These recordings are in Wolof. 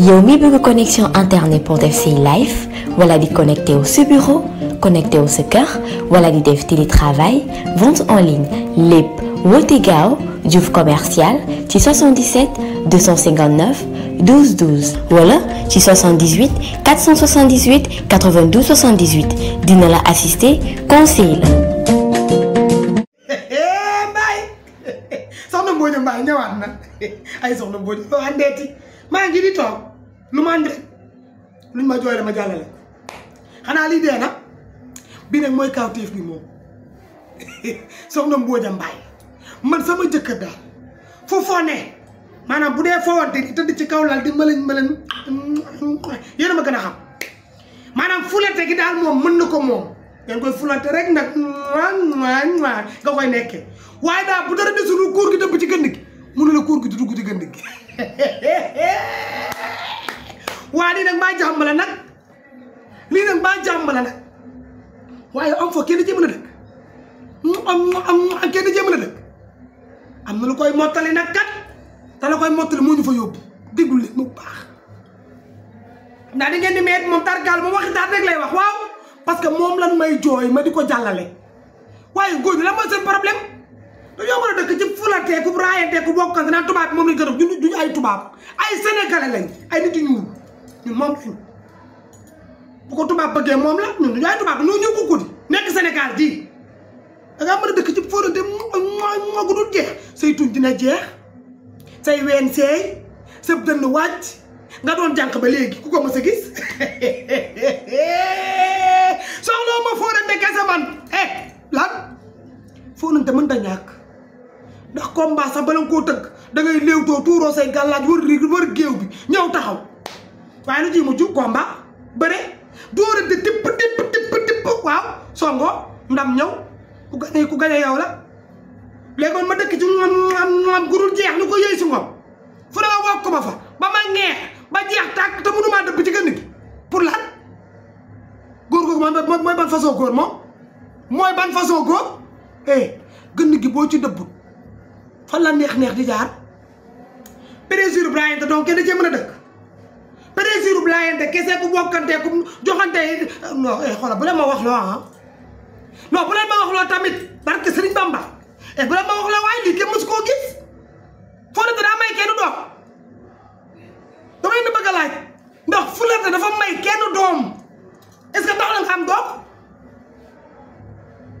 yow mi bëgg connexion internet pour def say live di connecté wu sa bureau connecté wu sa kër wala di def télétravail en ligne lépp woote gaaw commercial ci 77 259 12 12 wala ci 78 478 92 78 dina la assister conseil lu maa def luñ ma jooy dama jàllale xanaa lii dee nag bi nag mooy kawteef bi moom soxna Mbodja Mbaye man sama jëkkër daal fu foo ne maanaam bu dee foowante di tëdd ci kaw lal di mëlañ mëlañ yéen a ma kanaxam a xam maanaam fulante gi daal moom mën na ko moom ngeen koy fulante rek nag nga koy nekkee waaye daal bu dara desul kóor gi dëpp ci gënd gi mënu la kóor gi di dugg ci gënd gi waa lii nag maa jàmbale nag lii nag maa jàmbale nag waaye am foo kenn jéem a dëkk am mu am mu am kenn jéem a dëkk na lu koy mottali nag kat te la koy mottali moo ñu fa yóbbu déglu leen mu baax. ndax di ngeen di meet moom tarkaal moom waxi daal rek lay wax waaw parce que moom la may jooy ma di ko jàllale waaye góor ñi lan mooy seen dëkk dañoo mën a dëkk ci fulanteeku raayanteeku bokkante naan tubaab bi moom lañ ko def du ñu ay tubaab ay sénégalais lañ ay nit ñuul ñun moom suñu bu ko tubaab bëggee moom la ñun ñooy tubaab ñoo nekk Sénégal gii da ngaa a dëkk ci fóorante moo moo gudul jeex dina jeex say ween seey sa dënn wàcc nga doon jànq ba léegi ku ko mës a gis soxla ma fóorante sa man eh lan fóorante mën da ñàkk ndax combat sax bala nga koo tëgg da ngay tuuroo say gàllaaj wër géew bi ñëw taxaw waaye lu ciy mujj combat bëre dóorante tipp tipp tipp tipp waaw songoo ndam ñëw ku gañe ku gañe yow la léegoon ma dëkk ci moom moom gurul jeex ni ko yëy si moom fu ne ma wokk ma ci gënn gi pour lan góor googu man mooy ban façon góor moom mooy ban façon góor eh gënn gi boo ci dëbbut fan la neex neex di jaar président Ibrahima te donc kenn da cee mën a dëkk plaisir bu laayante kese ku bokkante ku joxante non eh, xoolal bu leen ma wax loo ah non bu leen ma wax loo tamit barke Sëriñ Bamba et eh, bu leen ma wax loo waaye lii kenn mësu koo gis foonate daa may kenn doom dama a ndax fulante dafa may kenn doom est-ce que tax nga am doom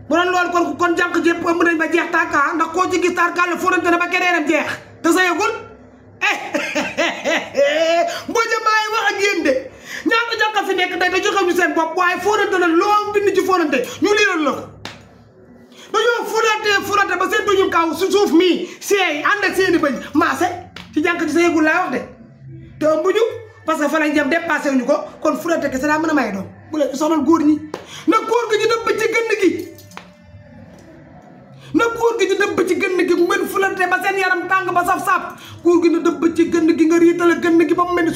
bu doon loolu kon kon jànq jépp mën nañ ba jeex tàkka ah, ndax koo ci gis tàkkaale foonante na ba keneen jeex te sa yëgul tey dañoo xam ne seen bopp waaye fóonante la loo bind ci fóonante ñu liiral la ko dañoo fóonante fóonante ba seen duñu kaw si suuf mii seey ànd ak seeni bañ maase ci jànk ci sa yëgul laa de te ëmbuñu parce que fa lañ jëm dépassé wuñu ko kon fóonante kese daa mën a may doom bu leen sonal góor ñi na góor gi ñu dëpp ci gënn gi na góor gi ñu dëpp ci gënn gi mu mel fóonante ba seen yaram tàng ba saf-saf góor gi ñu dëpp ci gën gi nga riitale gënn gi ba mu mel ni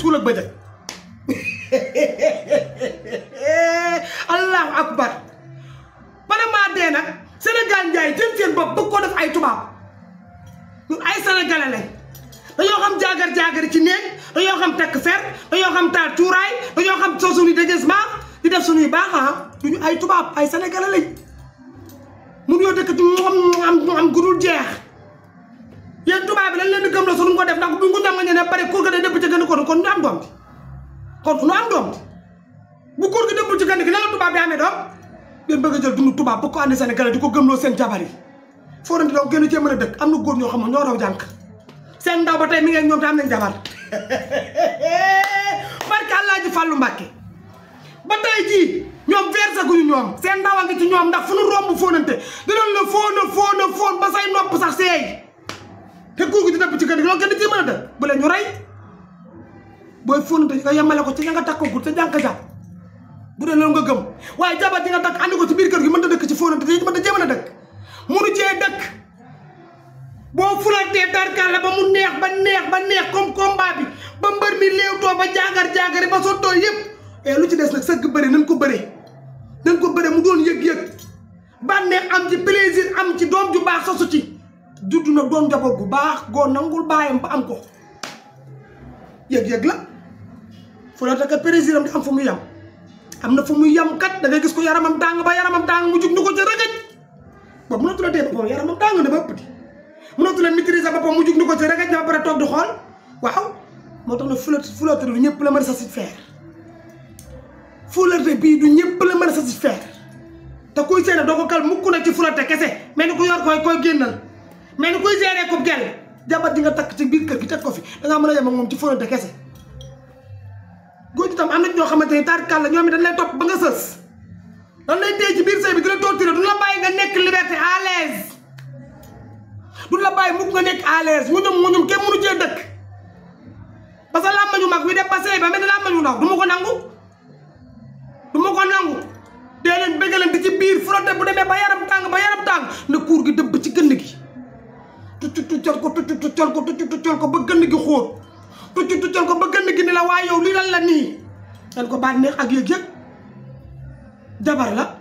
dañoo xam jaagar-jaagar ci néeg dañoo xam takk fer dañoo xam taal cuuraay dañoo xam soo suñuy déguisement di def suñuy baax ah duñu ay tubaab ay sénégalais lañ mun yoo dëkk ci mu am mu am gudul jeex yéen tubaab bi lañ leen di gëm la suñu ko def ndax duñ ko jàmm ne pare kur ga day dëpp ci gën ko kon ñu am doom bi kon nu am doom bu kur gi dëpp ci gën gi lan la tubaab bi amee doom ngeen bëgg a jël dundu tubaab bu ko andi sénégalais di ko gëmloo seen jabar yi foo leen di daw génn cee mën a dëkk am na góor ñoo xam ne ñoo raw jànk seen ndaw ba tey mi ngi ak ñoom te am nañ jabar barke Alaaji Fàllu Mbàkke ba tey jii ñoom versaguñu ñoom seen ndaw a ngi ci ñoom ndax fu nu romb fóonante dinañ la fóon a fóon fóon ba say nopp sax seey te guur gi di nëpp ci kër gi loolu kenn di ci bu leen ñu rey booy fóonante nga yemale ko ci ña nga takkagul te jànk jàpp bu dee loolu nga gëm waaye jabar ji nga takk andi ko ci biir kër gi mën a dëkk ci fóonante te mën a jéem a dëkk munu cee dëkk frotter tarkalla ba mu neex ba neex ba neex koom combat bi ba mbër mi léewtoo ba jaagar-jaagari ba sottoo yëpp et eh, lu ci des nag sëgg bëri nañ ko bëri nañ ko bëri mu doon yëg-yëg bànneex am ci plaisir am ci doom ju baax sosu ci judd na doon njaboot bu baax goo nangul baayam ba am ko yëg-yëg la frotter ka plaisir am di am fu muy yam am na fu mu yam kat da gis ko yaramam dàng ba yaramam dàng mu jug ko ci rëgëj boobu mënatu la dee boppam yaramam na ba ëpp di mënatu la maîtriser boppam mu jug ni ko ci rek ba pare toog di xool waaw moo tax ne flotte flotte du ñëpp la mën a satisfaire flotte bii du ñëpp la mën a satisfaire te kuy seene doo ko kal mukk na ci flotte kese mais ni ku yor koy koy génnal mais ni kuy gérer ko gel jabar ji nga takk ci biir kër gi teg ko fi dangaa mën a yem moom ci flotte kese góor ñi tam am na ñoo xamante ni kal la ñoom it dañ topp ba nga sës dañ lay téye ci biir sëy bi di la torturer du la bàyyi nga nekk liberté à l'aise du la bàyyi mukk nga nekk à l'aise nguñum nguñum kenn mënu cee dëkk parce que làmmañu mag wi dépassé ba mel ni làmmañu ndaw du ma ko nangu du ma ko nangu dee leen bëggalante ci biir frotté bu demee ba yaram tàng ba yaram tàng na kuur gi dëbb ci gënn gi tucc tuccal ko tucc tuccal ko tucc tuccal ko ba gënn gi xóot tucc tuccal ko ba gënn gi ni la waa yow lii lan la nii dan ko bànneex ak yëg-yëg jabar la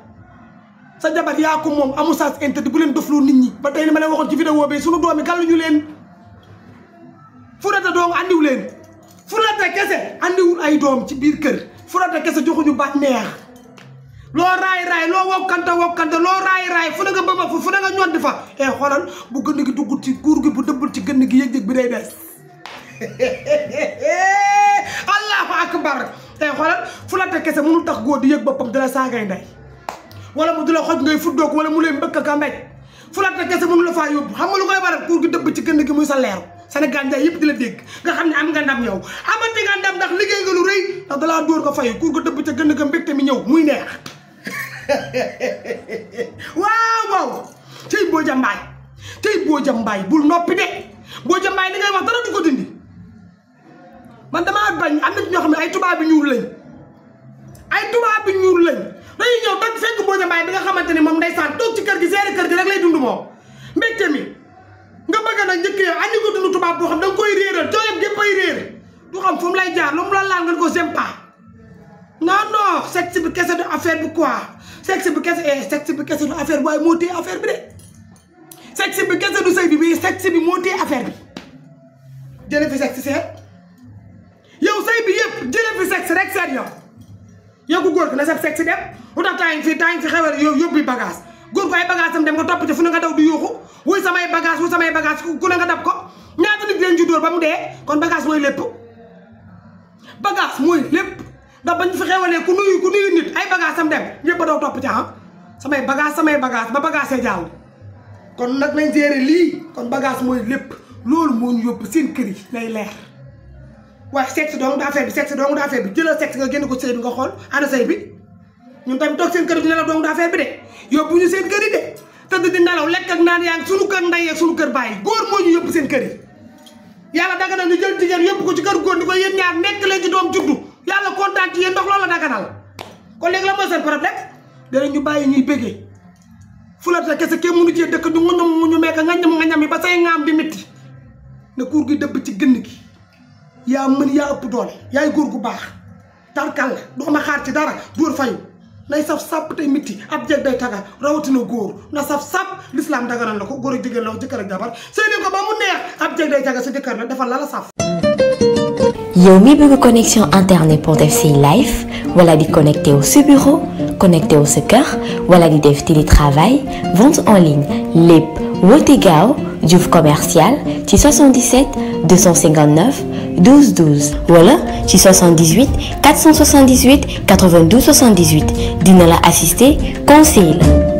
sa jabar yaa ko moom amul sens interdit bu leen dofloo nit ñi ba tey li ma leen waxoon ci vidéo bi suñu doomi gàlluñu leen furata doom andiw kese andiwul ay doom ci biir kër furata kese joxuñu baat neex loo raay raay loo wokkante wokkante loo raay raay fu na nga bëma fu fu na nga ñondi fa e xoolal bu gën gi dugg ci guur gi bu dëbbul ci gën gi yëg-yëg bi day des allahu akbar e xoolal furata kese mënul tax góor di yëg boppam dala saagay ndey wala mu du la xoj ngay fuddoog wala mu lay mbëkk ka mbéj fulaata kese mënu la faa yóbbu xam nga lu koy waral pour gi dëbb ci kënd gi muy sa leeru Sénégal njaay yëpp di la dégg nga xam ne am nga ndam yow amante nga ndam ndax liggéey dalaa dóor nga fayu kur ko dëbb gën nga mbégte mi ñëw muy neex waaw waaw tey boo jambaay tey boo jambaay bul noppi de boo jambaay li ngay wax dara du ko dindi man bañ am na ñoo xam ne ay tubaab bi ñuul lañ ay tubaab bi ñuul lañ dañuy ñëw dagg fekk Mbodia Mbaye bi nga xamante ni moom ndeysaan toog ci kër gi seere kër gi rek lay dund moom mbégte mi nga bëgg nag njëkk yow andi ko dund tubaab boo xam da koy réeral jooyam gépp lay jaar lu mu la ko sem pas non non sexe kese du affaire bi quoi sexe bi kese eh sexe bi kese du affaire bi waaye moo téye affaire bi de sexe bi kese sëy bi mais sexe bi moo téye affaire bi jëlee fi sëy bi yëpp rek seet yow yow ku góor gi na sab sexe si dem lu tax temps yi fi temps fi xewal yow yóbbu bagage góor am dem nga topp ci fu ne nga daw di yuuxu wuy samay bagage wuy ko ñaata nit leen dee kon bagage mooy lépp bagage mooy lépp ndax bañ fi xewalee ku nuyu ay bagage am dem ñëpp a topp ci am ah. samay bagage samay bagage ba bagage jaaw kon nag nañ gérer lii kon bagage mooy lépp loolu moo ñu yóbbu seen lay leer waaye sexe dong du affaire bi sexe dong du affaire bi jëlal sexe nga génn ko sëy bi nga xool ana sëy bi ñun tamit toog seen kër di bi de yóbbu ñu seen kër yi de tëdd di nelaw lekk ak naan yaa ngi suñu kër ndey ak kër bàyyi góor moo ñu yóbbu seen kër yi yàlla daganal ñu jël jigéen yóbbu ko ci kër góor ni ko yéen ñaar nekk leen ci doom juddu yàlla kontaan ci yéen ndox loolu la daganal kon léegi la mooy seen problème dara ñu bàyyi ñuy bégee fulata kese kenn mënu cee dëkk du nguñu nguñu meeka ngañam ngañam yi ba say ngaam bi mitti ne kuur gi dëbb ci gënn gi yaa mën yaa ëpp doole yaay góor gu baax tarkal la doo ma xaar ci dara dóor fayu nay saf sàpp tey mitti ab jeg day tagal rawatina góor na saf sàpp lislaam dagaran la ko góor ak jigéen la ko jëkkër ak jabar sëy ko ba mu neex ab jeg day tagal sa jëkkër la defal la la saf yow mi bëgg connexion internet pour def say live wala di connecté wu sa bureau connecté wu sa kër wala di def télétravail en ligne lépp woote gaaw Diouf commercial ci 77 259 12 12 wala ci 78 478 92 78 dina la assister conseiller